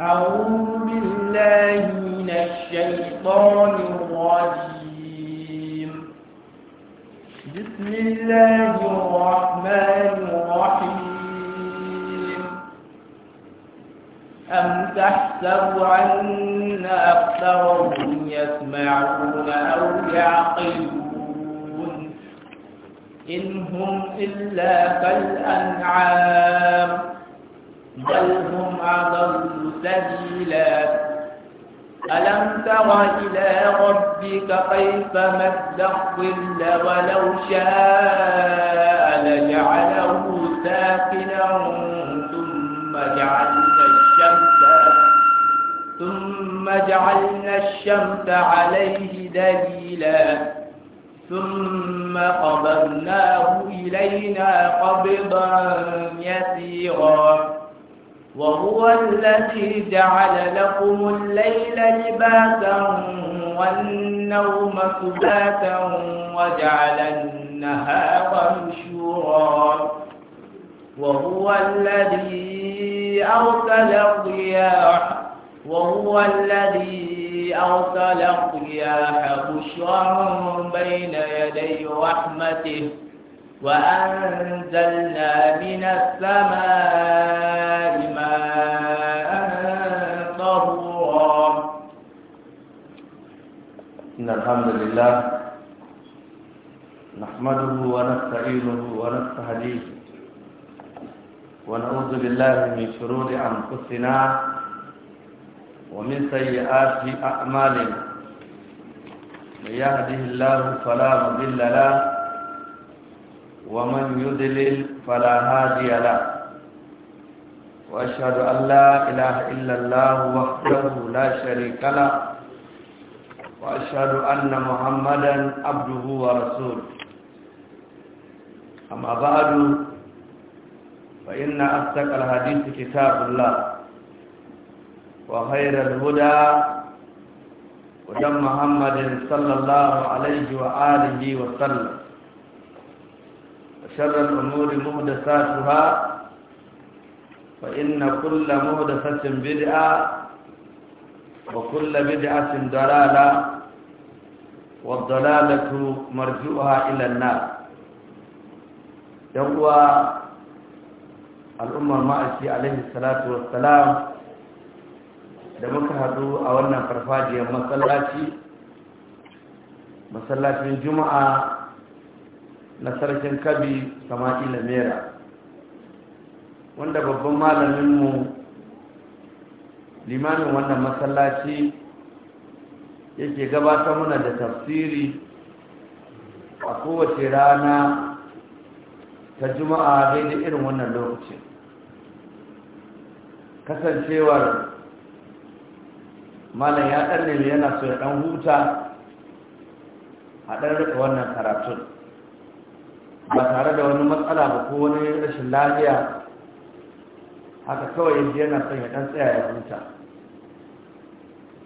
أعوذ بالله من الشيطان الرجيم بسم الله الرحمن الرحيم أم تحسب أن أكثرهم يسمعون أو يعقلون إن هم إلا كالأنعام بل هم أضل سبيلا ألم تر إلى ربك كيف مد الظل ولو شاء لجعله ساكنا ثم جعلنا الشمس ثم جعلنا الشمس عليه دليلا ثم قبضناه إلينا قبضا يسيرا وهو الذي جعل لكم الليل لباسا والنوم سباتا وجعل النهار نشورا وهو الذي أرسل الرياح وهو الذي أرسل الرياح بشرا بين يدي رحمته وأنزلنا من السماء ماء طهورا إن الحمد لله نحمده ونستعينه ونستهديه ونعوذ بالله من شرور أنفسنا ومن سيئات أعمالنا من يهده الله فلا مضل له ومن يضلل فلا هادي له واشهد ان لا اله الا الله وحده لا شريك له واشهد ان محمدا عبده ورسوله اما بعد فان اصدق الحديث كتاب الله وخير الهدى هدى محمد صلى الله عليه واله وسلم شر الأمور مهدساتها فإن كل مهدسة بدعة وكل بدعة ضلالة والضلالة مرجوها إلى النار يقوى الأمة المائسي عليه الصلاة والسلام da muka haɗu a wannan farfajiyar masallaci masallacin juma'a na sarkin kabi sama'ila mera wanda babban malaminmu limamin wannan masallaci yake gabata muna da tafsiri a kowace rana ta juma'a daidai irin wannan lokacin kasancewar malam ya ɗan yana so ya ɗan huta a ɗan rika wannan karatun ba tare da wani matsala ba ko wani rashin lafiya haka kawai yanzu yana son ya dan tsaya ya huta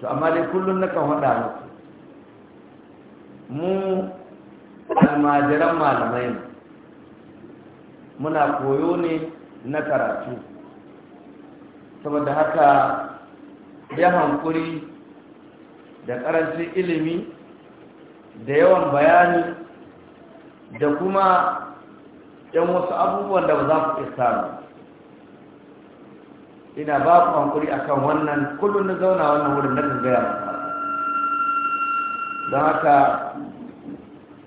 to amma dai kullum na kan haɗa muku mu almajiran malamai muna koyo ne na karatu saboda haka ya hankuri da ƙarancin ilimi da yawan bayani da kuma yan wasu abubuwan da ba za ku isa ba ina ba ku hankuri akan wannan kullum na zauna wannan wurin na gaya ba don haka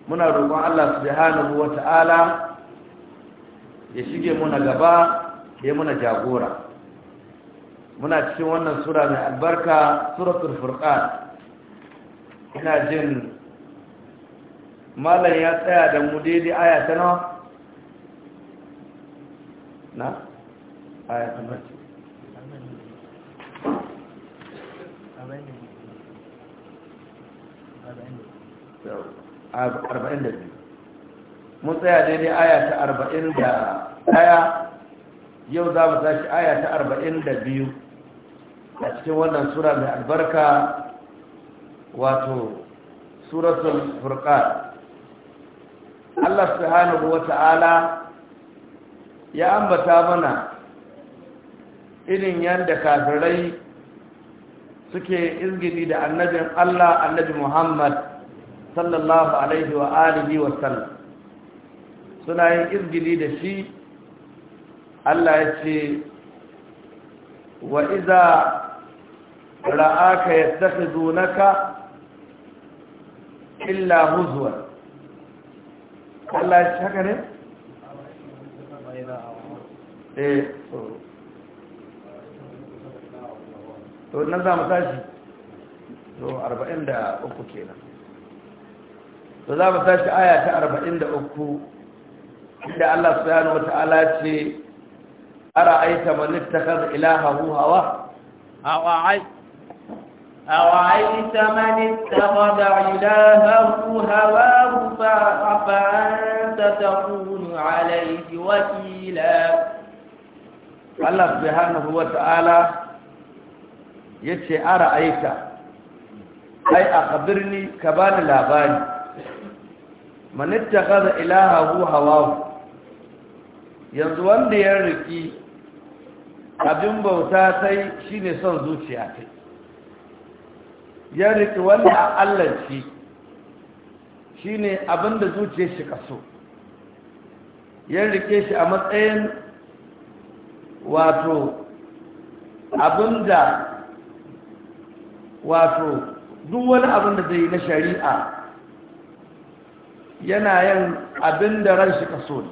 muna roƙon Allah subhanahu ta'ala ya shige muna gaba ya muna jagora muna cikin wannan sura mai albarka suratul furqan ina jin malam ya tsaya da mu daidai aya ta nawa na aya ta nawa arba'in da biyu mun tsaya daidai aya ta arba'in da ɗaya yau za mu tashi aya ta arba'in da biyu a cikin wannan sura mai albarka wato suratul furqan Allah subhanahu wata'ala ya ambata mana irin yadda kafirai suke izgidi da annabin Allah annabi Muhammad sallallahu alaihi wa alihi wa sallam suna yin izgidi da shi Allah ya ce wa iza ra'aka yattakhizunaka illa huzwan Allah ne? Eh, to nan za mu tashi to 43 kenan to za mu tashi aya ta 43 inda Allah wata ala ce ara aita man ilaha ilahahu hawa aiki. أرأيت من اتخذ إلهه هواه فأنت تكون عليه وكيلا الله سبحانه وتعالى يتشي أرأيت أي أخبرني كبان لاباني من اتخذ إلهه هواه ينزوان دياركي abin bauta sai shine son zuciya tai ya riƙi wanda a Allah shi shi ne abinda zuciya shi kaso ya riƙe shi a matsayin wato abinda wato duk wani abin da zai na shari'a yana yin abin da ran shi kaso ne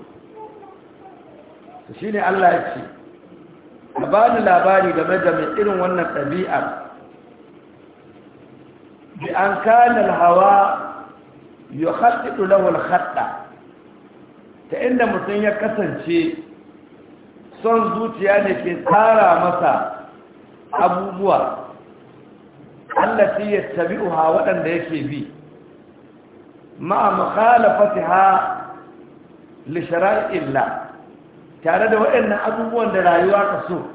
shi ne Allah ya ce ba ni labari game da mai irin wannan ɗabi'ar bi an kana hawa yukhaddidu lahu al-khatta ta inda mutum ya kasance son zuciya ne ke tsara masa abubuwa allati yattabi'uha waɗanda yake bi ma'a mukhalafatiha li shara'illah tare da waɗannan abubuwan da rayuwa ka so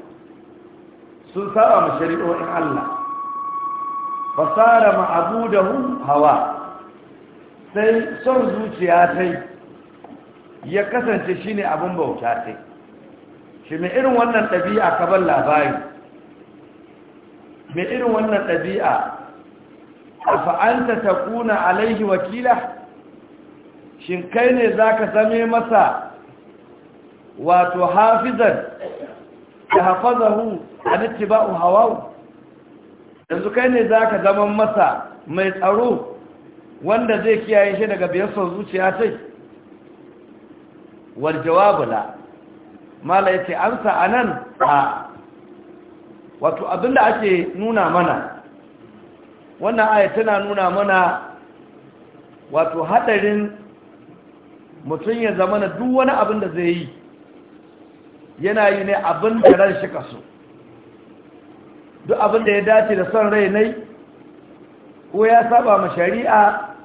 sun saba ma shari'o'in Allah fasara ma'abudahum hawa sai son zuciya sai ya kasance shine abin bauta sai shi mai irin wannan ɗabi'a kaban labari mai irin wannan ɗabi'a a fa'anta ta kuna alaihi wakila shin kai ne za ka zame masa wato hafizan ta hafazahu a nitiba'un hawawu yanzu kai ne za ka zama masa mai tsaro wanda zai kiyaye shi daga biyan son zuciya sai wal mala yace amsa anan a wato abinda ake nuna mana wannan aya tana nuna mana wato hadarin mutum ya zamana duk wani abin da zai yi yana yi ne abin da ran shi kaso duk abin da ya dace da son rai nai ko ya saba ma shari'a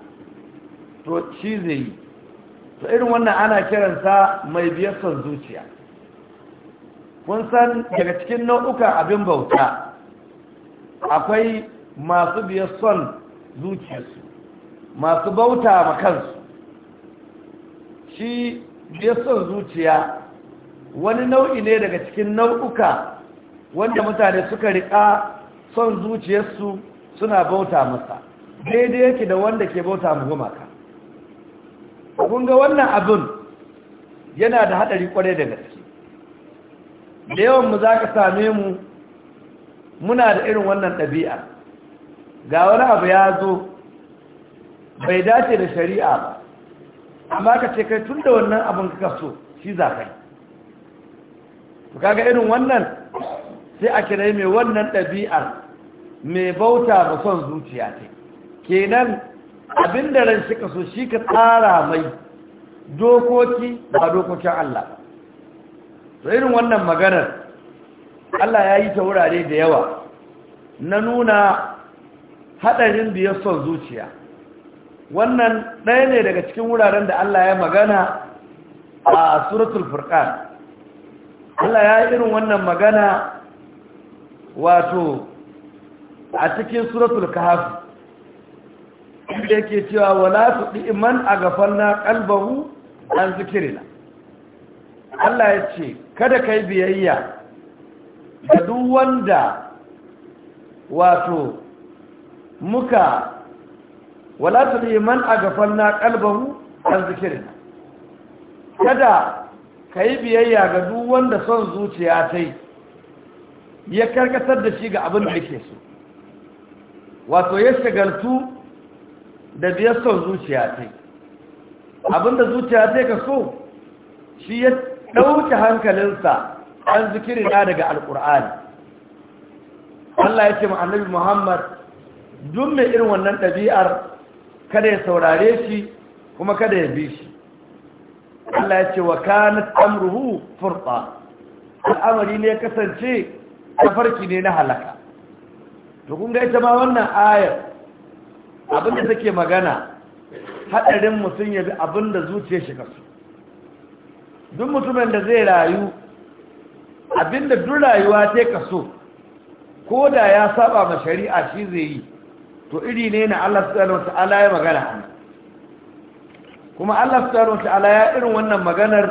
to shi zai yi to irin wannan ana kiransa mai biyar son zuciya kun san daga cikin nau'ukan abin bauta akwai masu biyar son zuciyarsu masu bauta ma kansu shi biyar son zuciya wani nau'i ne daga cikin nau'uka wanda mutane suka riƙa son zuciyarsu suna bauta masa daidai yake da wanda ke bauta mu gumaka kun ga wannan abin yana da haɗari kwarai da gaske da yawan mu za ka same mu muna da irin wannan ɗabi'a ga wani abu ya zo bai dace da shari'a ba amma ka ce kai tun da wannan abin ka so shi za ka yi kaga irin wannan sai a kira mai wannan ɗabi'ar mai bauta ga son zuciya ce kenan abin da ran shi kaso shi ka tsara mai dokoki ba dokokin Allah to irin wannan maganar Allah ya yi ta wurare da yawa na nuna haɗarin biyar son zuciya wannan ɗaya ne daga cikin wuraren da Allah ya magana a suratul furqan Allah ya yi irin wannan magana wato a cikin suratul kahf inda yake cewa wala tu iman aghfalna qalbahu an zikrina Allah ya ce kada kai biyayya ga duk wanda wato muka wala tu iman aghfalna qalbahu an zikrina kada kai biyayya ga duk wanda son zuciya tai ya karkatar da shi ga abin da yake so wato ya shagaltu da biyar son zuciya ta abin da zuciya ta ka so shi ya ɗauki hankalinsa an zikiri na daga alkur'ani Allah ya ce ma annabi Muhammad duk mai irin wannan ɗabi'ar kada ya saurare shi kuma kada ya bi shi Allah ya ce wa kana amruhu furqa al'amari ne ya kasance tafarki ne na halaka to kun ga ita ma wannan ayar abinda take magana hadarin mutum ya bi abinda zuciya shi kasu duk mutumin da zai rayu abinda duk rayuwa ta kaso ko da ya saba ma shari'a shi zai yi to iri ne na Allah Ta'ala wata'ala ya magana ana kuma Allah Ta'ala wata'ala ya irin wannan maganar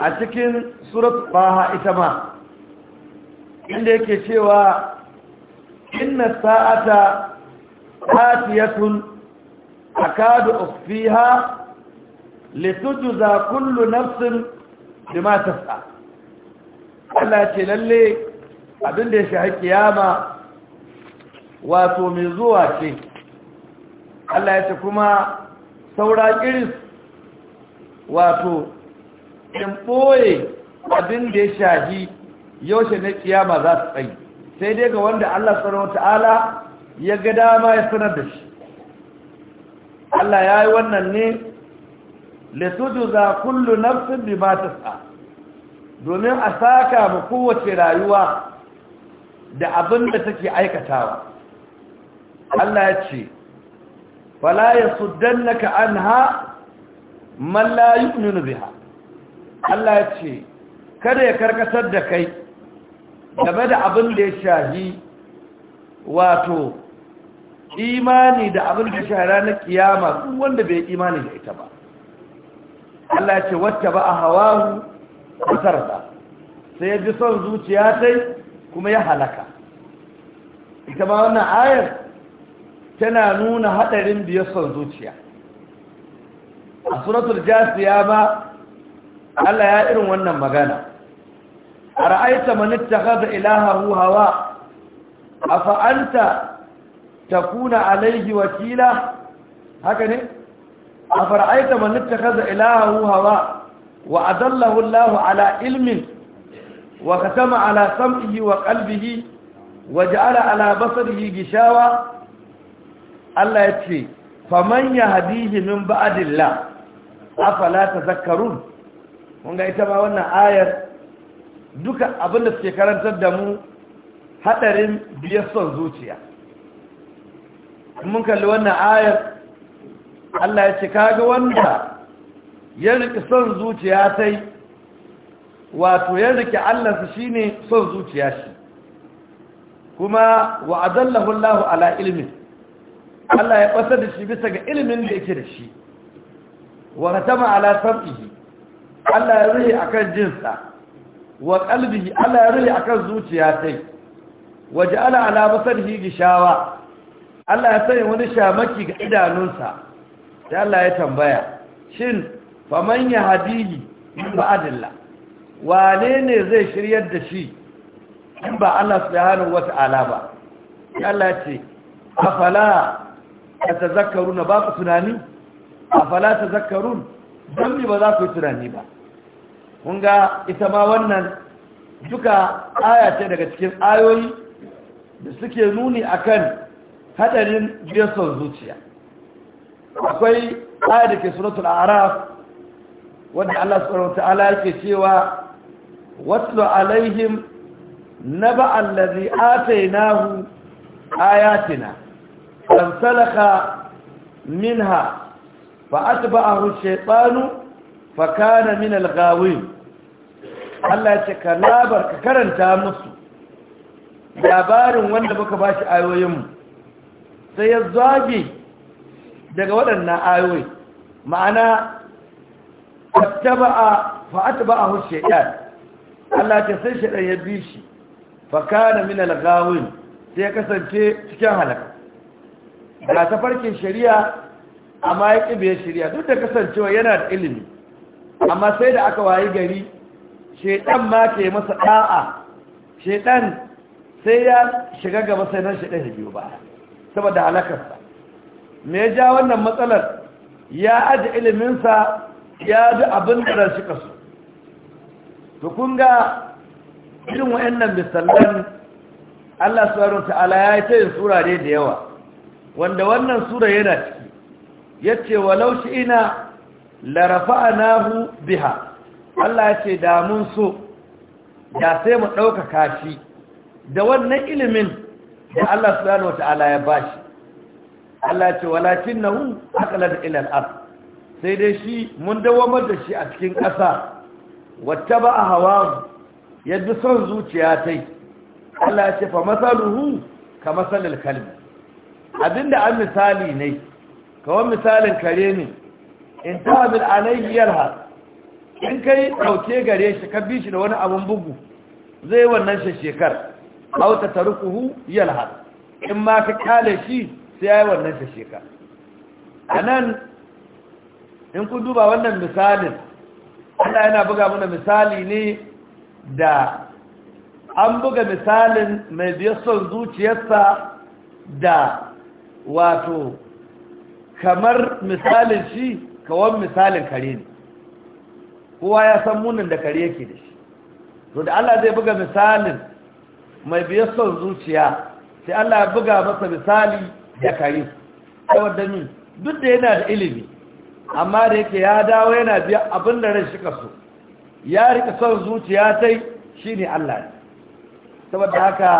a cikin surat baha ita ma inda yake cewa inna sa'ata hatiyatun akadu ufiha litujza kullu nafsin bima tas'a Allah ce lalle da ya shahi kiyama wato mai zuwa ce Allah ya ce kuma saura kiris wato in boye da ya shahi yaushe na kiyama za su tsayi sai dai ga wanda Allah subhanahu ta'ala ya ga dama ya sanar da shi Allah ya yi wannan ne za kullu nafsin bima sa, domin a saka mu kowace rayuwa da abin da take aikatawa Allah ya ce fala yasuddannaka anha man la yu'minu biha Allah ya ce kada ya karkatar da kai game da abin da ya shahi wato imani da abin da shahi na kiyama duk wanda bai imani da ita ba Allah ce wacce ba a hawahu ba. sai ya ji son zuciya sai kuma ya halaka ita ba wannan ayar tana nuna hadarin biyar son zuciya a suratul jasiya ba Allah ya irin wannan magana ara'aita man ittakhadha ilahahu hawa afa anta takuna alayhi wakila haka ne afara'aita man ittakhadha ilahahu hawa wa adallahu Allah ala ilmin wa khatama ala sam'ihi wa qalbihi wa ja'ala ala basarihi gishawa Allah yace faman yahdihi min ba'dillah afala tadhakkarun kun ga ita ba wannan ayar duka abin da suke karantar da mu hadarin biyar son zuciya mun kalli wannan ayar Allah ya ce kaga wanda ya riki son zuciya sai wato ya riki Allah su shine son zuciya shi kuma wa adallahu ala ilmin Allah ya kwasa da shi bisa ga ilimin da yake da shi wa katama ala sam'ihi Allah ya a akan jinsa wa kalbihi Allah ya akan zuciya sai waje ala basarihi gishawa Allah ya sanya wani shamaki ga idanunsa sai Allah ya tambaya shin faman ba adilla wane ne zai shiryar da shi in ba Allah subhanahu wata'ala ba sai Allah ya ce afala tazakkaruna ba ku tunani afala tazakkarun dan ba za ku tunani ba Kunga ga ita ma wannan duka aya ce daga cikin ayoyi da suke nuni akan hadarin biyar zuciya akwai aya da ke suratul araf wanda Allah subhanahu wataala yake cewa watlu alaihim naba allazi atainahu ayatina salaka minha fa atba'ahu shaytanu fa kana min al-ghawin Allah ya ce ka labar ka karanta musu labarin wanda muka ba shi ayoyinmu sai ya zage daga waɗannan ayoyi ma'ana fa'ata ba a hushe ɗan Allah ce sai shaɗan ya bi shi faka na minal gawin sai ya kasance cikin halaka ga farkin shari'a amma ya ƙibe shari'a duk da kasancewa yana da ilimi amma sai da aka wayi gari shedan ma ke masa da'a shedan sai ya shiga gaba sai nan shedan ya biyo ba saboda halakarsa me ya ja wannan matsalar ya aji iliminsa ya ji abin da shiga su. to kun ga irin wa'annan misallan Allah subhanahu ta'ala ya yi ta yin sura ne da yawa wanda wannan sura yana ciki yace walau shi ina la rafa'nahu biha Allah ya ce da mun so da sai mu ɗaukaka shi da wannan ilimin da Allah subhanahu wata'ala ya bashi Allah ya ce walakin na hun da ilal ar sai dai shi mun dawamar da shi a cikin ƙasa wata ba a hawa yadda son zuciya ta yi Allah ya ce fa masaluhu ka matsalil kalmi abinda an misali ne kawai misalin kare ne in ta abin alayhi har in ka yi ɗauke gare shi ka bi shi da wani abin bugu zai wannan shi shekar auta ta rukuhu yalhar in ma ka kyale shi sai ya yi wannan shi shekar a nan in ku duba wannan misalin ana yana buga mana misali ne da an buga misalin mai biya son zuciyarsa da wato kamar misalin shi kawon misalin kare ne kowa ya san munin da kare yake da shi to da Allah zai buga misalin mai biyar son zuciya sai Allah ya buga masa misali da kare saboda min duk da yana da ilimi amma da yake ya dawo yana biya abin da ran shika so ya rika son zuciya tai shine Allah ne saboda haka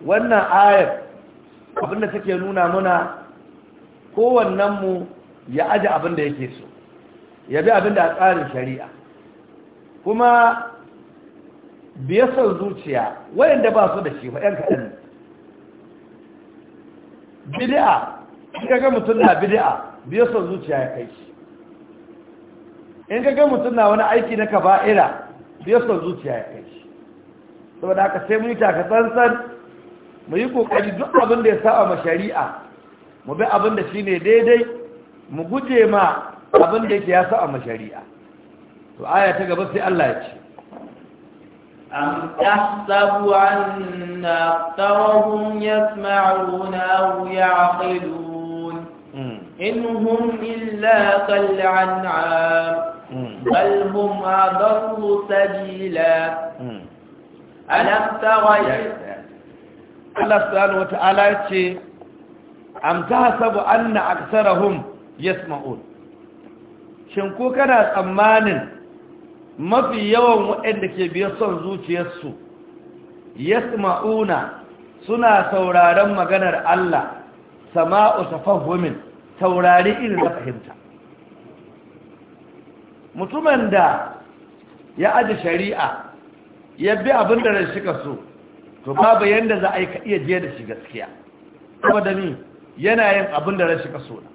wannan ayar abin da take nuna muna mu ya aje abin da yake so ya bi abin da tsarin shari'a kuma biyasar zuciya wayanda ba su da shi faɗin kaɗan bidi'a in ga mutum na bidi'a biyasar zuciya ya kai shi in ga mutum na wani aiki na kaba'ira biyasar zuciya ya kai shi saboda haka sai mun yi tsantsan, mu yi kokari duk abin da ya saba ma shari'a mu bi abin da shi ne daidai mu guje ma abin da yake ya sa a mashari'a to aya ta gaba sai Allah ya ce am tahsabu anna tarahum yasma'una aw ya'qilun hmm. in hum illa qal an'am hmm. bal hum sabila hmm. alam tarayn Allah subhanahu wa ta'ala ya ce am tahsabu anna shin ko kana tsammanin mafi yawan waɗanda ke biya son zuciyarsu yasma'una suna sauraron maganar Allah sama'u tafahumin saurari irin na fahimta mutumin da ya aji shari'a ya bi abin da rai shika so to babu yanda za a yi ka iya je da shi gaskiya kuma da ni yana yin abin da rai shika so na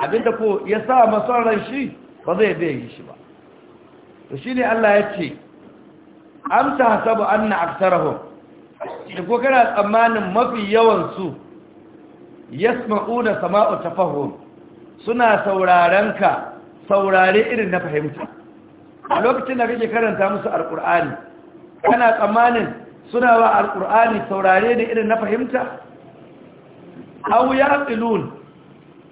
abinda ko ya sa masarar shi ba zai bai yi shi ba to shi ne Allah ya ce amsa hasabu an na aksarahun da ko kana tsammanin mafi yawansu da sama'u ta tafahum suna sauraren ka saurare irin na fahimta a lokacin da kake karanta musu alkur'ani kana tsammanin suna wa alkur'ani saurare ne irin na fahimta ya tsilun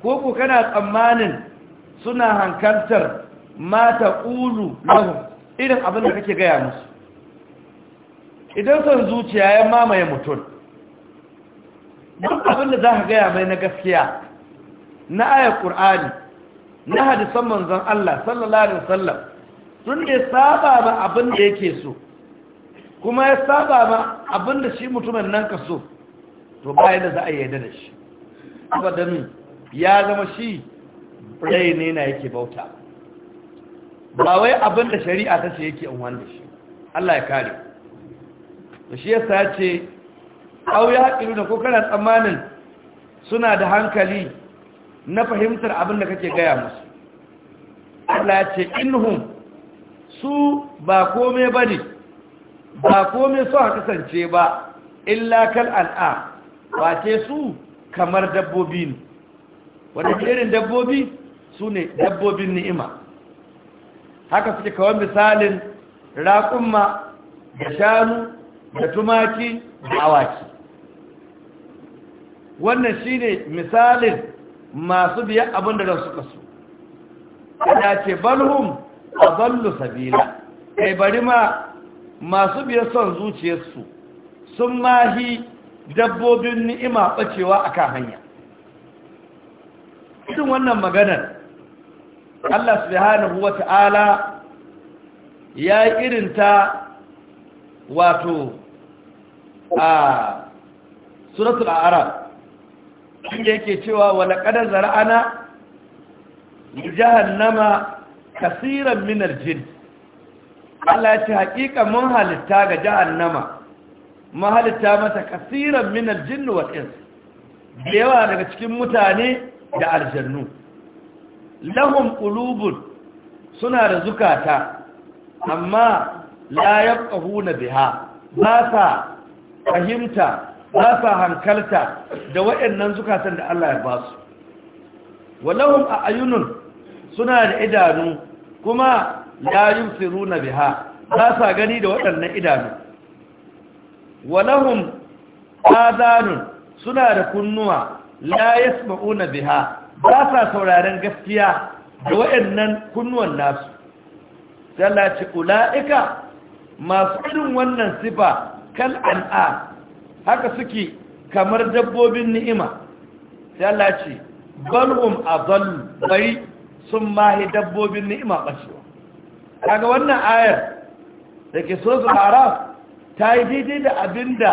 ko ku kana tsammanin suna hankaltar mata ƙulu lahum irin abin da kake gaya musu idan son zuciya ya mamaye mutum duk abin da za ka gaya mai na gaskiya na ayar ƙur'ani na hadisan manzon Allah sallallahu alaihi wasallam tun da ya saba ba abin da yake so kuma ya saba ba abin da shi mutumin nan ka so to bayan da za a yi da shi saboda ya zama shi rai ne na yake bauta ba wai abin da shari'a ta ce yake in wanda shi Allah ya kare da shi yasa ya ce au ya da tsammanin suna da hankali na fahimtar abin da kake gaya musu Allah ya ce inhum su ba kome ba ne ba kome su haka kasance ba illa kal al'a ba ce su kamar dabbobi ne wadda irin dabbobi su ne dabbobin ni'ima haka suke kawai misalin raƙumma da shanu da tumaki da awaki wannan shi ne misalin masu biya abin da suka su ya ce balhum a zallu sabila kai bari ma masu biya son zuciyarsu sun mahi dabbobin ni'ima ɓacewa a kan hanya irin wannan maganar Allah subhanahu wata'ala ya yi irin ta wato a suratul arab inda yake cewa wani qadar zara'ana jahannama kaseeran min al Allah ce hakika mun halitta ga jahannama mun halitta mata kaseeran min al-jinn da yawa daga cikin mutane da aljannu lahum qulubun suna da zukata amma la yaqahuna biha ba sa fahimta ba sa hankalta da waɗannan zukatan da Allah ya ba su walahum a'yunun suna da idanu kuma la yusiruna biha ba sa gani da waɗannan idanu walahum adanun suna da kunnuwa la yasma'una biha ba sa sauraren gaskiya da waɗannan kunnuwan nasu sai ci ulaika masu irin wannan sifa kal an'a haka suke kamar dabbobin ni'ima sai ci balhum adall bai sun mahi dabbobin ni'ima bacewa kaga wannan ayar da ke so su ta yi daidai da abinda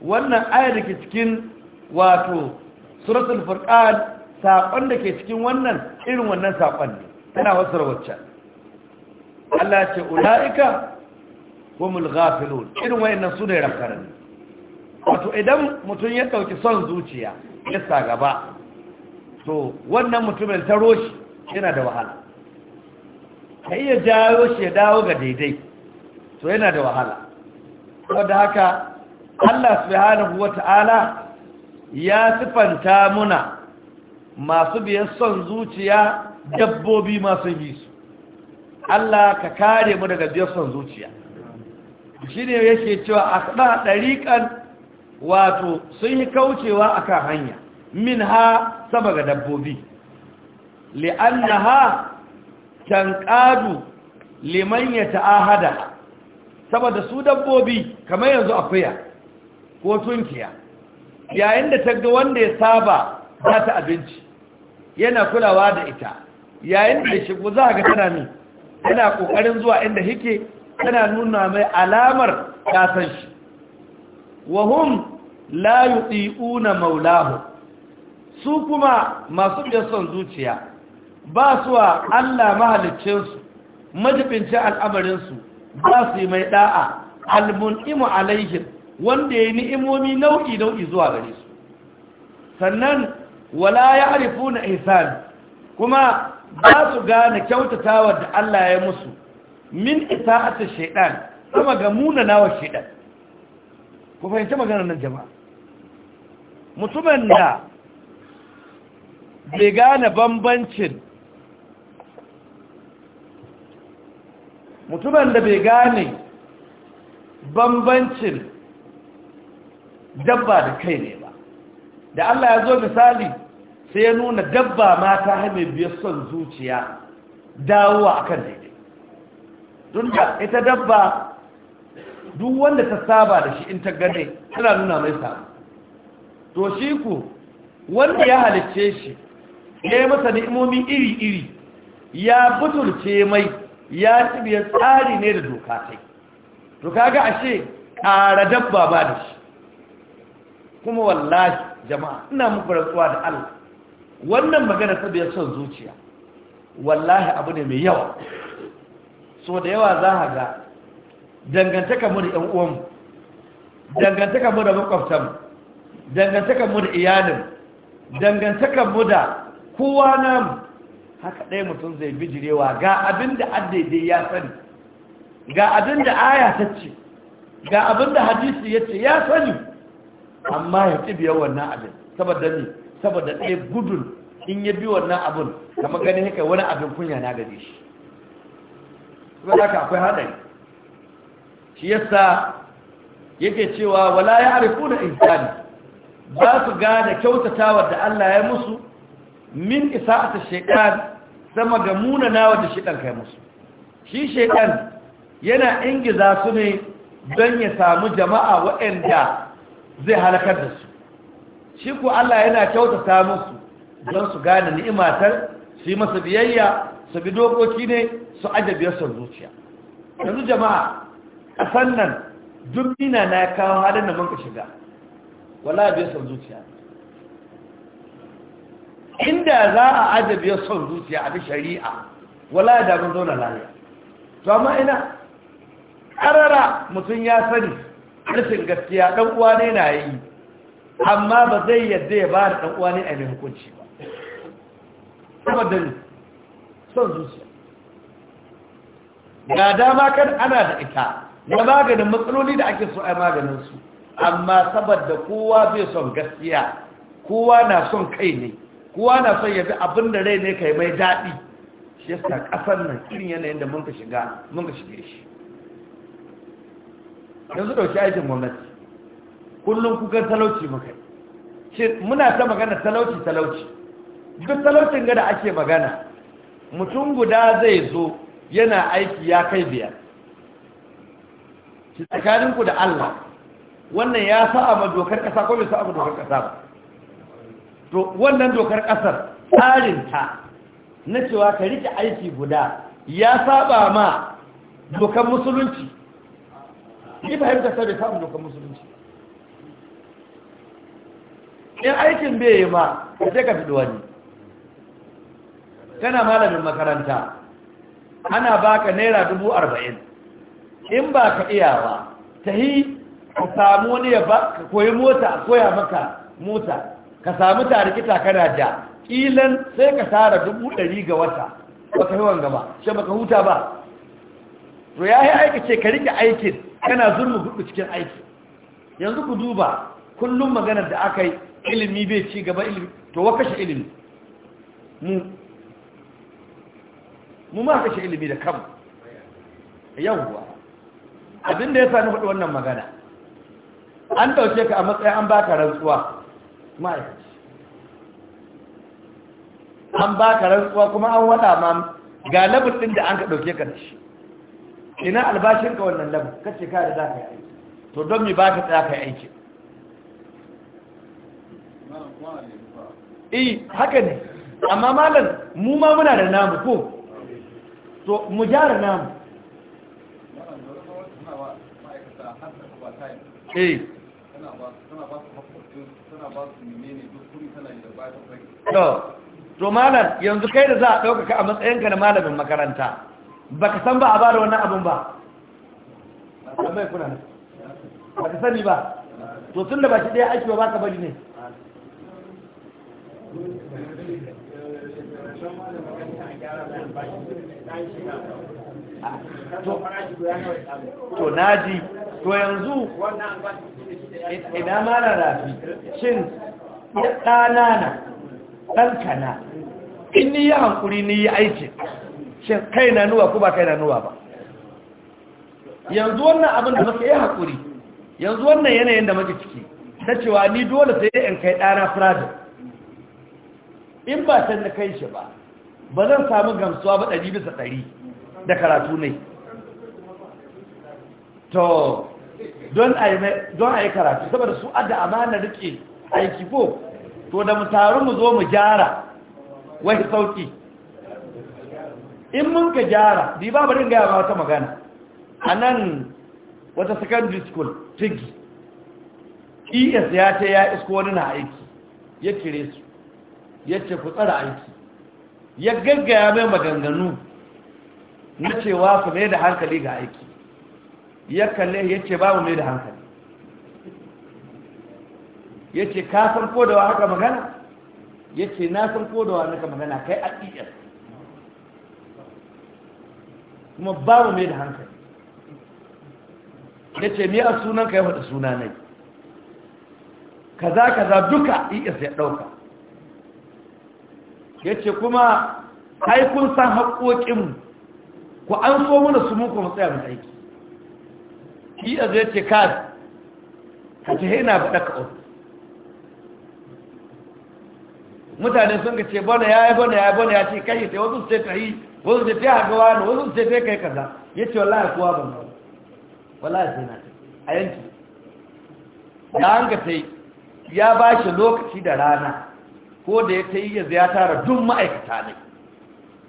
wannan ayar da ke cikin wato suratul furqan saƙon da ke cikin wannan irin wannan sakon ne tana wasu wacce Allah ce ula'ika humul ghafilun irin wayannan su ne rakarani wato idan mutum ya ɗauki son zuciya ya sa gaba to wannan mutumin taro shi yana da wahala ka iya jawo shi ya dawo ga daidai to yana da wahala wadda haka Allah subhanahu ta'ala ya sifanta muna masu biyan son zuciya dabbobi masu yi su Allah ka kare mu daga biyan son zuciya shi ne yake cewa a ɗa ɗariƙan wato sun yi kaucewa a kan hanya min ha sama ga dabbobi na ha tanƙadu liman ya ta'ahada saboda su dabbobi kamar yanzu akuya ko tunkiya yayin da ta ga wanda ya saba za ta abinci yana kulawa da ita yayin da shigo za ga tana min yana kokarin zuwa inda hike tana nuna mai alamar kasan shi wahum la yuti'una maulahu su kuma masu biyar son zuciya ba suwa Allah mahaliccinsu majibincin al'amarinsu ba su yi mai da'a almun'imu alaihim wanda ya ni'imomi nau'i nau'i zuwa gare su sannan wala ya harifu na ihsan kuma ba su gane kyautatawa da Allah ya musu min ita'atu shaytan kuma ga nawa shaytan ku fahimci maganar nan jama'a mutumin da bai gane bambancin mutumin da bai gane bambancin dabba da kai ne ba da Allah ya zo misali sai ya nuna dabba ma ta hame biyar son zuciya dawowa akan daidai don da ita dabba duk wanda ta saba da shi in ta gane tana nuna mai samu to shi ku wanda ya halicce shi ya yi masa ni'imomi iri-iri ya butulce mai ya cibiya tsari ne da doka tai to kaga ashe ƙara dabba ba da shi kuma wallahi jama'a ina muku rantsuwa da Allah wannan magana ta biyar son zuciya wallahi abu ne mai yawa so da yawa za a ga dangantaka mu da ƴan uwanmu dangantaka mu da makwabtanmu dangantaka mu da iyalin dangantaka mu da kowa namu haka ɗaya mutum zai bijirewa ga abin da addaidai ya sani ga abin da aya ta ce ga abin da hadisi ya ce ya sani amma ya ci biyan wannan abin saboda ne saboda ɗaya gudun in ya bi wannan abin kama gani haka wani abin kunya na gaji shi kuma za ka akwai haɗari shi yasa yake cewa wala ya harifu da insani ba su gane kyautatawar da Allah ya musu min isa ta shaitan sama ga munanawa da ɗan kai musu shi shaitan yana ingiza su ne don ya samu jama'a waɗanda zai halakar da su shi ku Allah yana kyautata musu don su gane ni'imatar su yi masa biyayya su bi dokoki ne su ajabiyar son zuciya yanzu jama'a a sannan, duk ina na kawo halin da muka shiga wala biyar son zuciya inda za a ajabiyar son zuciya a shari'a wala da mun na lafiya to amma ina ƙarara mutum ya sani rashin gaskiya ɗan uwa ne na yi amma ba zai yadda ya ba da ɗan uwa ne a mai hukunci ba saboda son zuciya ga dama kan ana da ita na maganin matsaloli da ake so a maganin su amma saboda kowa bai son gaskiya kowa na son kai ne kowa na son yabi abin da rai ne kai mai daɗi shi yasa ƙasar nan irin yanayin da mun ka shiga mun ka shige shi yanzu dauki aikin gwamnati kullum kukan talauci muka shi muna ta magana talauci talauci duk talaucin gada ake magana mutum guda zai zo yana aiki ya kai biyar shi tsakaninku da Allah wannan ya sa'a ma dokar ƙasa ko bai sa'a ma dokar ƙasa ba to wannan dokar ƙasar tsarinta na cewa ka rike aiki guda ya saba ma dokar musulunci ni fahimta sai bai samun dokar musulunci in aikin bai yi ma ka je ka wani kana malamin makaranta ana baka naira dubu arba'in in ba ka iya ta yi ka samu wani ya ba koyi mota koya maka mota ka samu tarikita kana ja ƙilan sai ka tara dubu ɗari ga wata baka yi wanga ba shi huta ba to ya yi aiki ce ka rike aikin kana zurmi hudu cikin aiki yanzu ku duba kullum maganar da aka yi ilimi bai ci gaba ilimi to wa kashe ilimi mu mu ma kashe ilimi da kam? yawwa abinda ya sani faɗi wannan magana an ɗauke ka a matsayin an baka rantsuwa ma'aikaci an baka rantsuwa kuma an wada ma galabin ɗin da an ka ɗauke ka da shi ina albashin ka wannan lamu kace ka da zaka yi aiki to don mi baka tsaya kai aiki eh haka ne amma malam mu ma muna da namu ko to mu jara namu eh to malam yanzu kai da za a ɗaukaka a matsayinka na malamin makaranta Ba ka san ba a bada wannan abin ba Ba ka sani ba to tun da ba shi daya aiki ba ba ka bari ne to naji to yanzu ina mara rafi shin ɗana na ɗanka in ni yi hankuri ni yi aikin shin kai na nuwa ko ba kai na nuwa ba yanzu wannan abin da muka yi hakuri yanzu wannan yanayin da muke ciki na cewa ni dole sai in kai ɗana fradin in ba san na kai shi ba ba zan samu gamsuwa ba ɗari bisa da karatu ne to don a yi karatu saboda su adda amana rike aiki ko to da mu taru mu zo mu gyara wai sauki in mun ka gyara di ba barin gaya ba wata magana a nan wata secondary school tigi es ya ce ya isko wani na aiki ya kire su ya ce ku tsara aiki ya gaggaya mai maganganu na cewa su mai da hankali ga aiki ya kalle ya ce ba mu mai da hankali ya ce ka san kodawa haka magana ya ce na san kodawa naka magana kai a es kuma ba mu mai da hankali ya ce miya sunan ka ya wata suna nai kaza kaza duka is e ya ɗauka ya ce kuma aikun san haƙoƙinmu ku an so mana su muku tsaye mai aiki is e ya ce ka ka ce haina ba ɗaka ofis mutane sun ka ce bane ya yi bane ya yi bane ya ce kai sai wasu sai ta yi wasu ce ta ga wani wasu ce ta kai kaza ya ce wallahi kowa ban ba wallahi sai na a yanki da an ka sai ya ba shi lokaci da rana ko da ya ta yi ya tara duk ma'aikata ne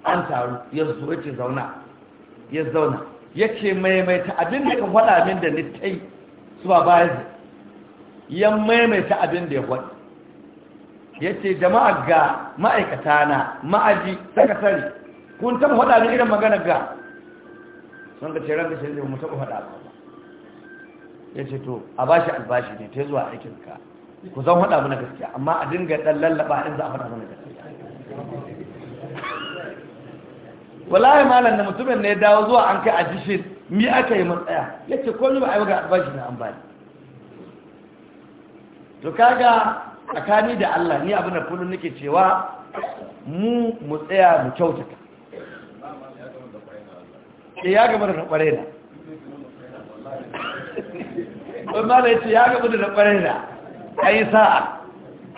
an taru ya zo ya ce zauna ya zauna ya ce maimaita abin da ka faɗa min da littai su ba bayan ya maimaita abin da ya faɗi ya ce jama'a ga ma'aikata na ma'aji sakasari kun taba faɗa ni irin maganar ga sun ga ce da shi mu taɓa faɗa ba ya ce to a bashi albashi ne ta zuwa aikin ka ku zan faɗa mana gaskiya amma a dinga ɗan lallaba in za a faɗa mana gaskiya wallahi malam da mutumin ne ya dawo zuwa an kai a jishin mi aka yi matsaya ya ce komai ba a yi ga albashi na an bani to kaga tsakani da Allah ni abin da kullum nake cewa mu mu tsaya mu kyautata ke ya gaba da rabare da wani ma ya ce ya gaba da rabare da a yi sa'a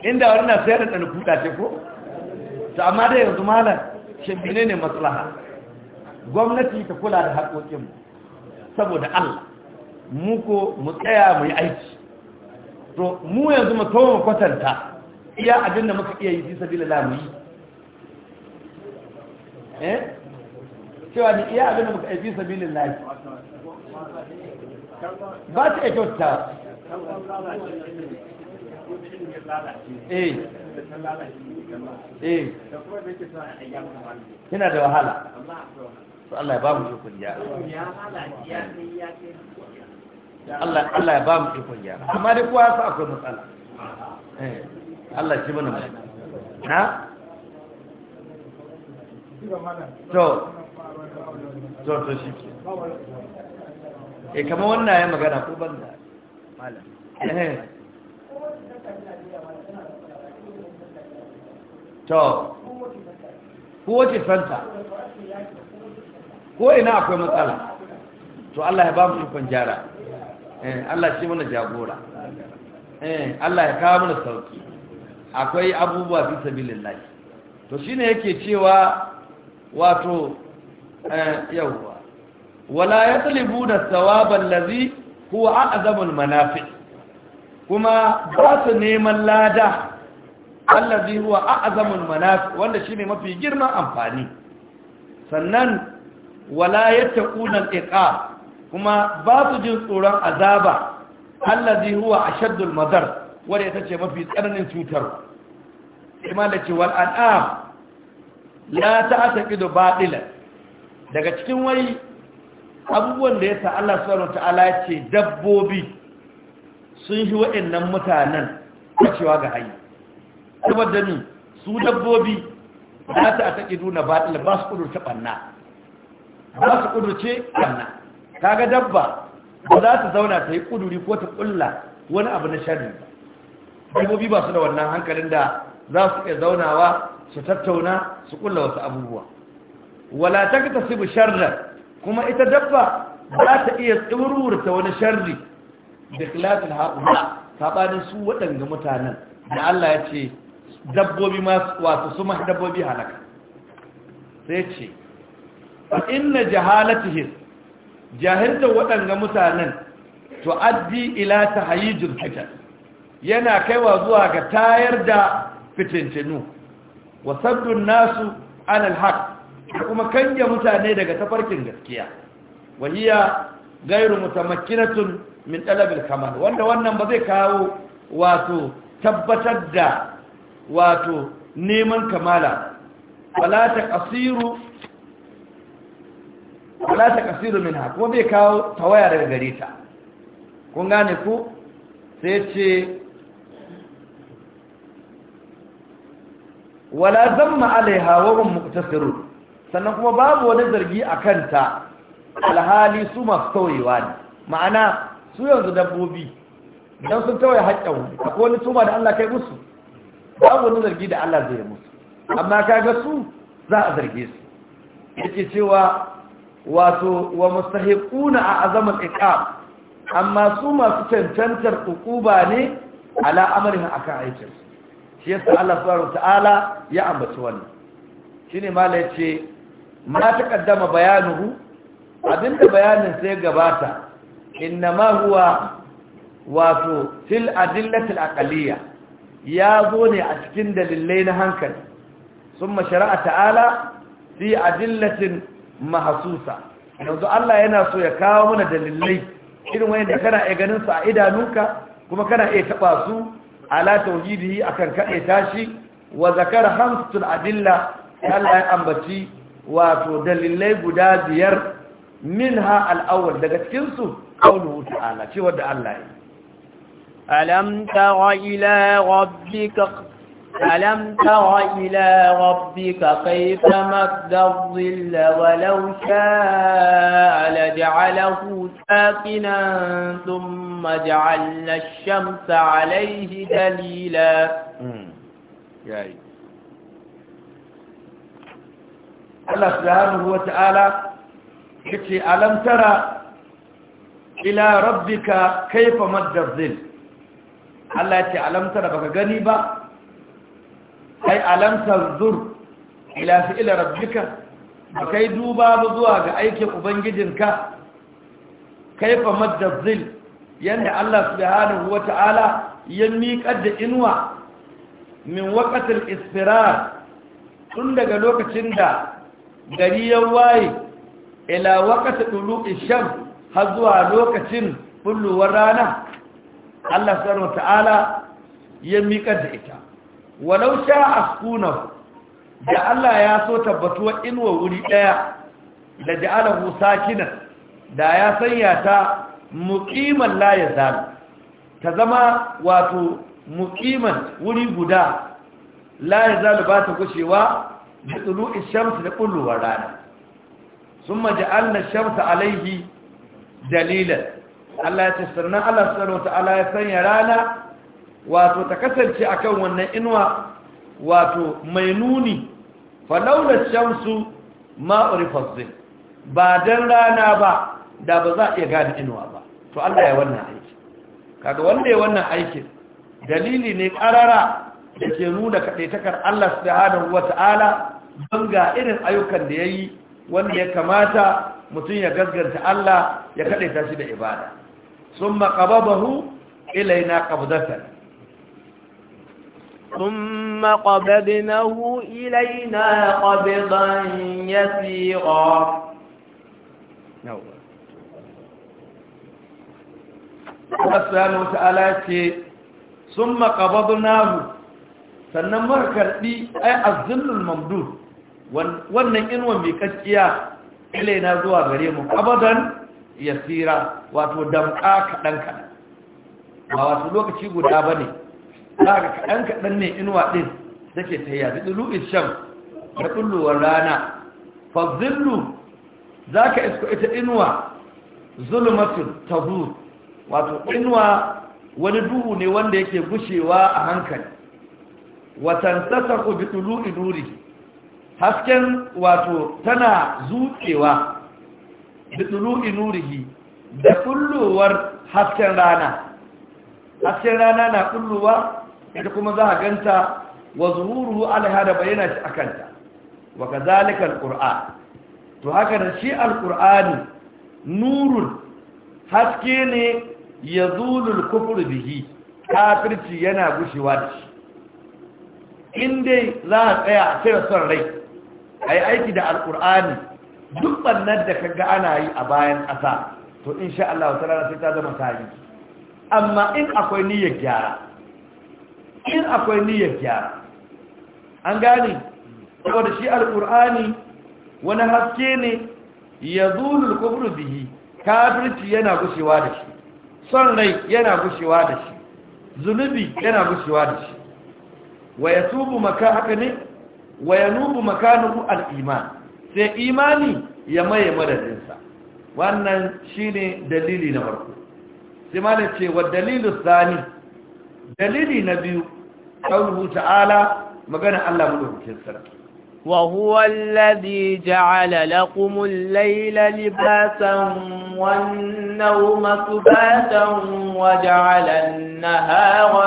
inda wani na sayar da ɗanku kuɗa ko ta amma da yanzu malar shimfine ne maslaha gwamnati ta kula da haƙoƙinmu saboda allah mu ko mu tsaya mu yi aiki to mu yanzu mu mu kwatanta iya abinda muka iya yi fi sabi da lamuyi eh cewa ni iya abin da muka aifi sabilin lafi ba ta iya kyauta eh. eh. yana da wahala Allah ya ba mu ikon gyara Allah ya ba mu ikon gyara amma da kuwa su akwai matsala eh. Allah shi mana mai na to to shi ke e eh, kama wannan ya magana ko ban da eh. to kowace santa ko ina akwai matsala to Allah ya ba mu ikon jara eh, Allah ce mana jagora Allah ya kawo mana sauki akwai abubuwa fi lillahi to shine yake cewa wato eh, yawwa wala yatlibu da thawaban ladhi huwa a'zamul manafi kuma ba su neman lada allazi huwa a'zamul manafi wanda shine mafi girman amfani sannan wala yattaquna al-iqab kuma ba su jin tsoron azaba allazi huwa ashaddul madar wanda ita ce mafi tsananin cutar kuma da ce wal an'am ya ta'taqidu batila daga cikin wai abubuwan da yasa Allah subhanahu wataala ya ce dabbobi sun wa waɗannan mutanen cewa ga hayi saboda ni su dabbobi za ta na batila ba su kudurce banna ba su kudurce banna kaga dabba ba za ta zauna ta yi kuduri ko ta kulla wani abu na sharri dabbobi ba su da wannan hankalin da za su iya zaunawa su tattauna su kulla wasu abubuwa wala taktasibu sharra kuma ita dabba za ta iya tsururta wani sharri da khilafin haula saɓanin su waɗanda mutanen da Allah ya ce dabbobi wasu su dabbobi halaka sai ce A inna jahalatihin jahilta waɗanda mutanen tu'addi ila ta hayi fitan yana kaiwa zuwa ga tayar da fitintinu wa nasu anil haq kuma kange mutane daga tafarkin gaskiya wahiya gairu mutamakkinatun min talabil kamal wanda wannan ba zai kawo wato tabbatar da wato neman kamala wala taqsiru wala taqsiru minha kuma bai kawo tawaya daga gare ta kun gane ku sai ce wala zamma alaiha wa hum muqtasirun sannan kuma babu wani zargi a ta alhali su masu tauyewa ne ma'ana su yanzu dabbobi dan sun tawaye haƙƙin ko akwai wani tuma da Allah kai musu babu wani zargi da Allah zai musu amma kaga su za a zarge su yake cewa wato wa mustahiquna a azamal iqab amma su masu cancantar uquba ne ala amrihi akan aikinsu shi yasa Allah subhanahu ta'ala ya ambaci wannan shine mala ce, ma taqaddama bayanuhu abinda bayanin sai gabata ma huwa wato fil adillati al ya zo ne a cikin dalilai na hankali summa shari'a ta'ala fi adillatin mahsusa yanzu Allah yana so ya kawo mana dalilai irin wanda kana iya ganin su a idanunka kuma kana iya taba su ala tauhidihi akan kaɗe tashi wa zakar hamsul adilla Allah ya ambaci wato dalilai guda biyar minha al'awwal daga cikinsu qawluhu ta'ala cewa da Allah ya alam tara ila rabbika ألم تر إلى ربك كيف مد الظل ولو شاء لجعله ساكنا ثم جعلنا الشمس عليه دليلا الله سبحانه وتعالى يقول ألم ترى إلى ربك كيف مد الظل الله يقول ألم ترى بك غني ai alam tanzur ila fi'il rabbika kai duba ba zuwa ga aikin ubangijinka kaifa madda zil yanda Allah subhanahu wata'ala ya miƙar da inuwa min waqatil istirar tun daga lokacin da gari ya waye ila waqati tulu'i shams har zuwa lokacin bulluwar rana Allah subhanahu wata'ala ya miƙar da ita walau sha askunahu da Allah ya so tabbatuwa inuwa wuri daya da hu sakina, da ya sanya ta muqiman la yazal ta zama wato muqiman wuri guda la yazal ba ta kushewa da tulu'i da kulluwar rana summa ja'alna shamsa alaihi dalilan Allah ya ce Allah subhanahu wa ta'ala ya sanya rana wato ta kasance akan wannan inuwa wato mai nuni falaunar shamsu ma'urifas ba don rana ba da ba za a iya gane inuwa ba to Allah ya wannan aiki kaga wanda ya wannan aikin dalili ne karara da ke nuna kaɗaitakar Allah subhanahu wata'ala don ga irin ayyukan da ya yi wanda ya kamata mutum ya gaggarta Allah ya kaɗaita shi da ibada sun maƙababahu ilaina ƙabdatar ثم قبضناه إلينا قبضا يسيرا Allah ta'ala ce sun maƙabadu nahu sannan makarɗi ai azzillul mamdu wannan inuwan mai kakkiya ilaina zuwa gare mu abadan ya tsira wato damƙa kaɗan kaɗan ba wato lokaci guda ba ne za ga kaɗan kaɗan ne inuwa ɗin take ta yabi ɗulu isham da ƙulluwar rana fazillu za ka isko ita inuwa zulmatul tabu wato inuwa wani duhu ne wanda yake gushewa a hankali watan sassa ku bi ɗulu inuri hasken wato tana zuƙewa bi ɗulu inurihi da ƙulluwar hasken rana hasken rana na ƙulluwa ita kuma za a ganta wa zuhuru alaiha da bayyana shi a kanta wa kazalika alquran to haka da shi alqurani nurun haske ne yazulul kufur bihi kafirci yana gushewa da shi in dai za a tsaya a cire son rai yi aiki da alqurani duk nan da kaga ana yi a bayan ƙasa to sha Allah ta'ala sai ta zama tarihi amma in akwai niyyar gyara in akwai niyyar gyara an gane saboda shi alkur'ani wani haske ne ya zulul kufru bihi kafirci yana gushewa da shi son rai yana gushewa da shi zunubi yana gushewa da shi wa ya tubu maka haka ne wa ya nubu maka al-iman sai imani ya maye madadinsa wannan shine dalili na farko sai da ce wa dalilin sani dalili na biyu kawo ta'ala magana Allah mu dokin sarki wa huwa alladhi ja'ala lakum layla libasan wan nawma subatan wa ja'ala an-nahara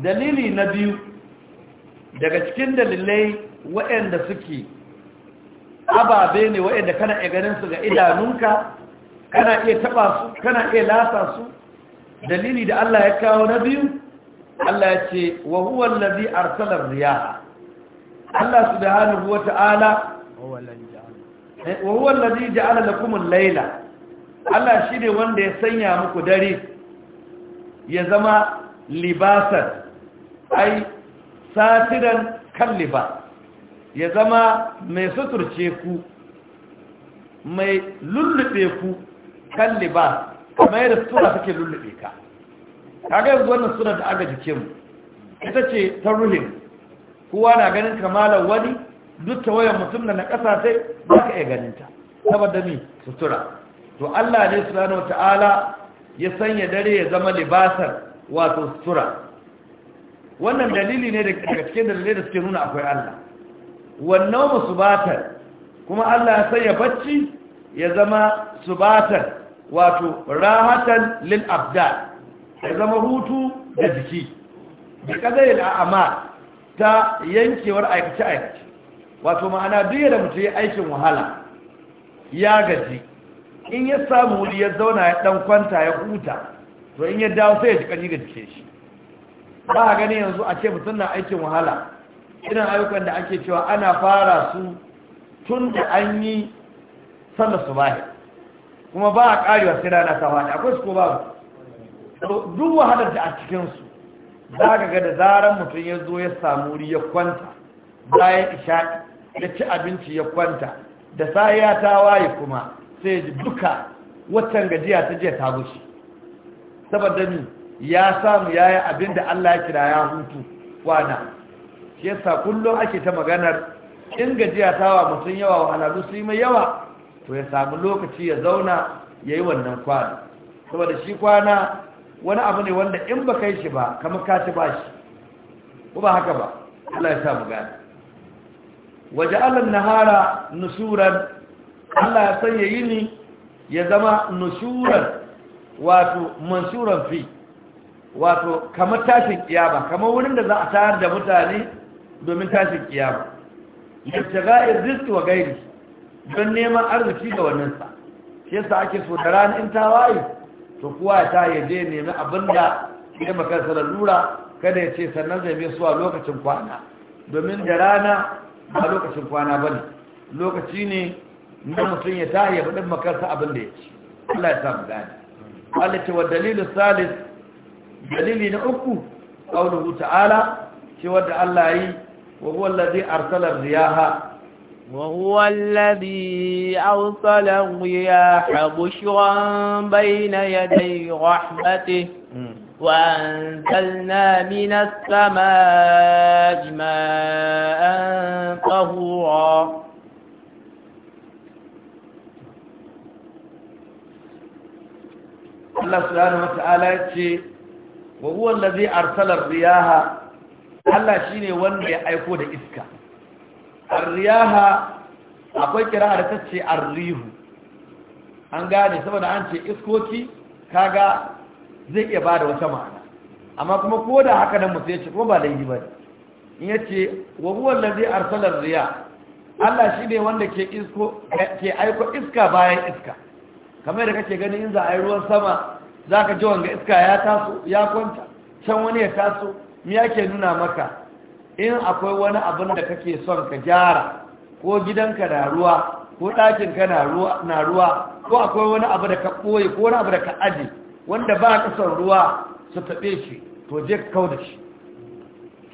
dalili na biyu daga cikin dalilai waɗanda suke ababe ne waɗanda kana iya ganin ga idanunka kana iya taba su kana iya lasa su dalili da Allah ya kawo na biyu Allah ya ce wa huwa allazi arsala riyaha Allah subhanahu wata'ala wa huwa allazi ja'ala lakum al laila? Allah shine wanda ya sanya muku dare ya zama libasan ai satiran kan libas ya zama mai suturce ku mai lullube ku kan libas kamar yadda sura take lullube ka kaga yanzu wannan sura da aga mu ita ce ta ruhin kowa na ganin kamalar wani duk ta wayan mutum da na ƙasa sai ba ka iya ganin ta saboda mi sutura to Allah ne subhanahu ta'ala ya sanya dare ya zama libasar wato sutura wannan dalili ne daga cikin dalilai da suke nuna akwai Allah wannan musubatar kuma Allah ya sanya bacci ya zama subatar wato rahatan lil abdal ya zama hutu da jiki da kadai al'ama ta yankewar aikace aikace wato ma'ana duk da mutum ya aikin wahala ya gaji in ya samu wuri ya zauna ya dan kwanta ya huta to in ya dawo sai ya ji kaji ga jike shi ba a gani yanzu a ce mutum na aikin wahala irin ayyukan da ake cewa ana fara su tun da an yi sallar subahi kuma ba a karewa sai rana ta fada akwai su ko ba duk wahalar da a cikinsu za ka ga da zarar mutum ya zo ya samu wuri ya kwanta bayan isha ya ci abinci ya kwanta da saya ta waye kuma sai ji duka watan gajiya ta jiya ta gushi saboda ni ya samu ya yi abin da Allah ya kira ya hutu kwana shi yasa kullum ake ta maganar in gajiya ta wa mutum yawa wahalhalu su yi mai yawa to ya samu lokaci ya zauna ya yi wannan kwana saboda shi kwana wani abu ne wanda in ba kai shi ba kamar ka ci ba shi ko ba haka ba Allah ya samu gani waje allan nahara nusuran Allah ya sanya yini ya zama nusuran wato mansuran fi wato kamar tashin kiyama kamar wurin da za a tayar da mutane domin tashin kiyama yadda ga'ir rizki wa gairi don neman arziki ga wannan sa shi yasa ake so da rana in ta waye to kowa ya ta yaje nemi abinda ya makansa lura, kada ya ce sannan zai mai suwa lokacin kwana domin da rana ba lokacin kwana ba ne lokaci ne na mutum ya ta ya faɗin makarsa abin da ya ci Allah ya samu gani Allah ce wa dalilu salis dalili na uku ƙaunuhu ta'ala ce wadda Allah yi wa huwa allazi arsala riyaha وهو الذي أرسل الرياح بشرا بين يدي رحمته وأنزلنا من السماء ماء طهورا الله سبحانه وتعالى وهو الذي أرسل الرياح الله شيني وانبي أيكو إسكا arriyaha akwai kira da ta ce arrihu an gane saboda an ce iskoki kaga zai iya ba da wata ma'ana amma kuma ko da haka nan musu ya ce ko ba laifi ba in ya ce wa huwan da zai arsalar riya allah shi ne wanda ke aiko iska bayan iska kamar da kake gani in za a yi ruwan sama za ka ji wanga iska ya taso ya kwanta can wani ya taso ya ke nuna maka in akwai wani abin da kake son ka gyara ko gidanka na ruwa ko ɗakinka na ruwa ko akwai wani abu da ka ɓoye ko wani abu da ka aji wanda ba ka son ruwa su taɓe shi to je ka kau da shi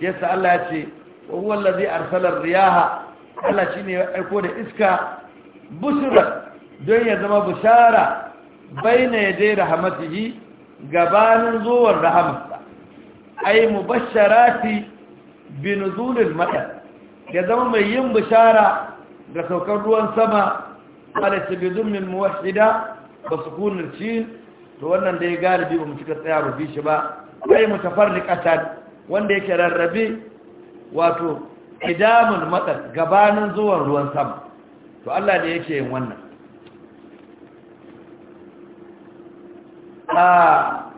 yasa Allah ya ce wa zai arsalar riyaha Allah shine ya aiko da iska busra don ya zama bushara ya je rahamatihi gabanin zuwan mu bashara mubasharati binuzulil matar ya zama mai yin bishara da saukar ruwan sama ala shibizun min muwahida ba su kunin to wannan dai galibi ba mu cika tsaya rufi shi ba sai mu tafarni ƙasar wanda yake rarrabe wato idamun matsar gabanin zuwan ruwan sama to Allah da yake yin wannan ah,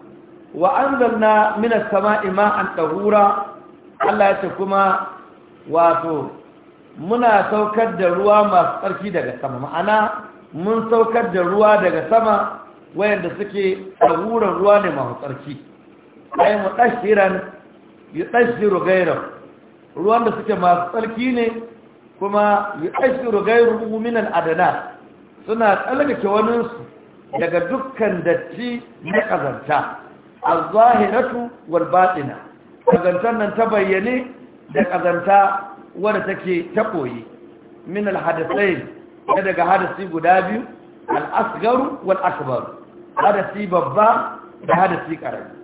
wa anzalna minas sama'i ma'an tahura Allah ya ce kuma wato muna saukar da ruwa masu tsarki daga sama ma'ana mun saukar da ruwa daga sama wayanda suke ɗaruran ruwa ne masu tsarki ai mu ɗashiran yi ɗashiru gairar ruwan da suke masu tsarki ne kuma yi ɗashiru gairar muminan adana suna tsalgake waninsu daga dukkan datti na ƙazanta a zahiratu wal baɗina. kazantar nan ta bayyane da kazanta wadda take ta koyi min alhadisai na daga hadisi guda biyu al'asgaru wal akbar hadisi babba da hadisi karami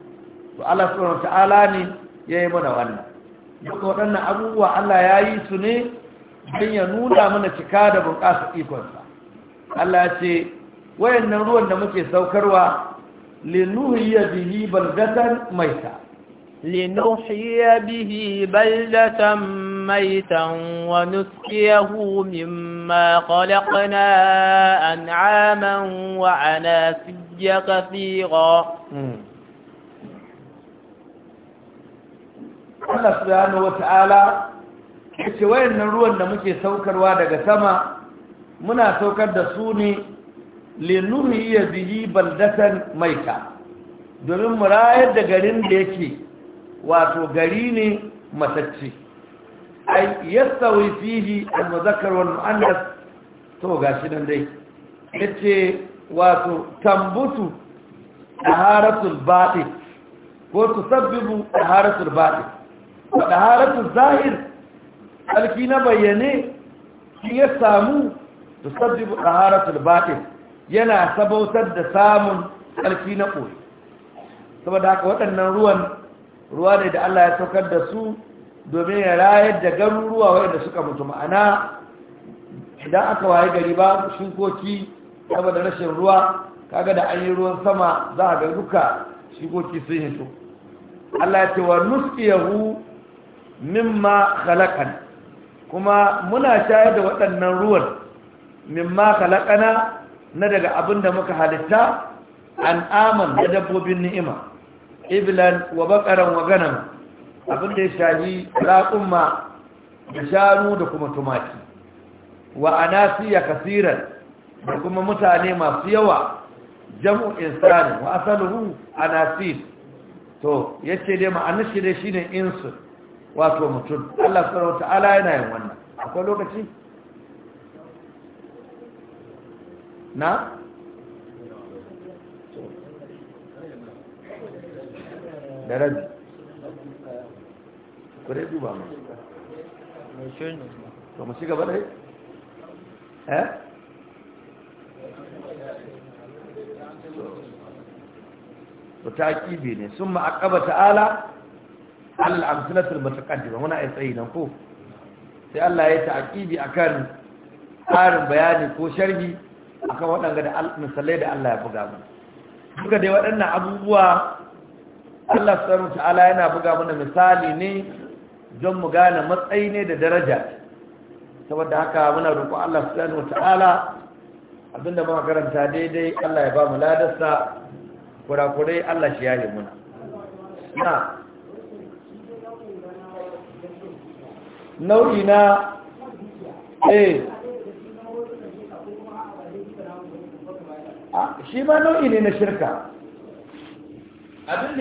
to Allah subhanahu ta'ala ne yayi mana wannan duk waɗannan abubuwa Allah ya yi su ne don ya nuna mana cika da bunƙasa ikonsa Allah ya ce wayannan ruwan da muke saukarwa linuhiyya bihi baldatan maita لنحيي به بلدة ميتا ونسقيه مما خلقنا أنعاما وعناسيا كثيرا Allah subhanahu wata'ala yace wayannan ruwan da muke saukarwa daga sama muna saukar da su ne linuhi bihi baldasan maita domin mu rayar da garin da yake wato gari ne matacce ai yastawi fihi al-muzakkar wal muannas to gashi nan dai yace wato tambutu taharatul batin ko tusabbibu taharatul batin wa taharatul zahir alki na bayyane ya samu tusabbibu taharatul batin yana sabautar da samun alki na koyi saboda haka waɗannan ruwan ruwa ne da Allah ya saukar da su domin ya rayar da garuruwa waɗanda suka mutu ma'ana idan aka waye gari ba shukoki saboda rashin ruwa kaga da an yi ruwan sama za a ga duka shukoki sun hito Allah ya ce wa nusqiyahu mimma khalaqan kuma muna shayar da waɗannan ruwan mimma khalaqana na daga abin da muka halitta an aman da dabbobin ni'ima iblan wa bakaran wa abin abinda ya shaji raƙumma da shanu da kuma tumaki wa anasiya kasiran da kuma mutane masu yawa jam'u insani wa asaluhu anasir to yace dai ma'anar shi dai shine insu wato mutum Allah subhanahu wata'ala yana yin wannan akwai lokaci na da rabi ku dai duba mu to mu shiga bane eh to kibe ne ma akaba ta'ala al amsalatul mutaqaddima muna ai tsayi nan ko sai Allah ya a akan tsarin bayani ko sharhi akan waɗanda da misalai da Allah ya buga mu buga dai waɗannan abubuwa Allah subhanahu ta'ala yana buga mana misali ne don mu gane matsayi ne da daraja saboda haka muna roƙo Allah subhanahu ta'ala abinda muka karanta daidai Allah ya ba mu ladarsa kurakurai Allah shi yaye muna na nau'i na eh shi ma nau'i ne na shirka abin da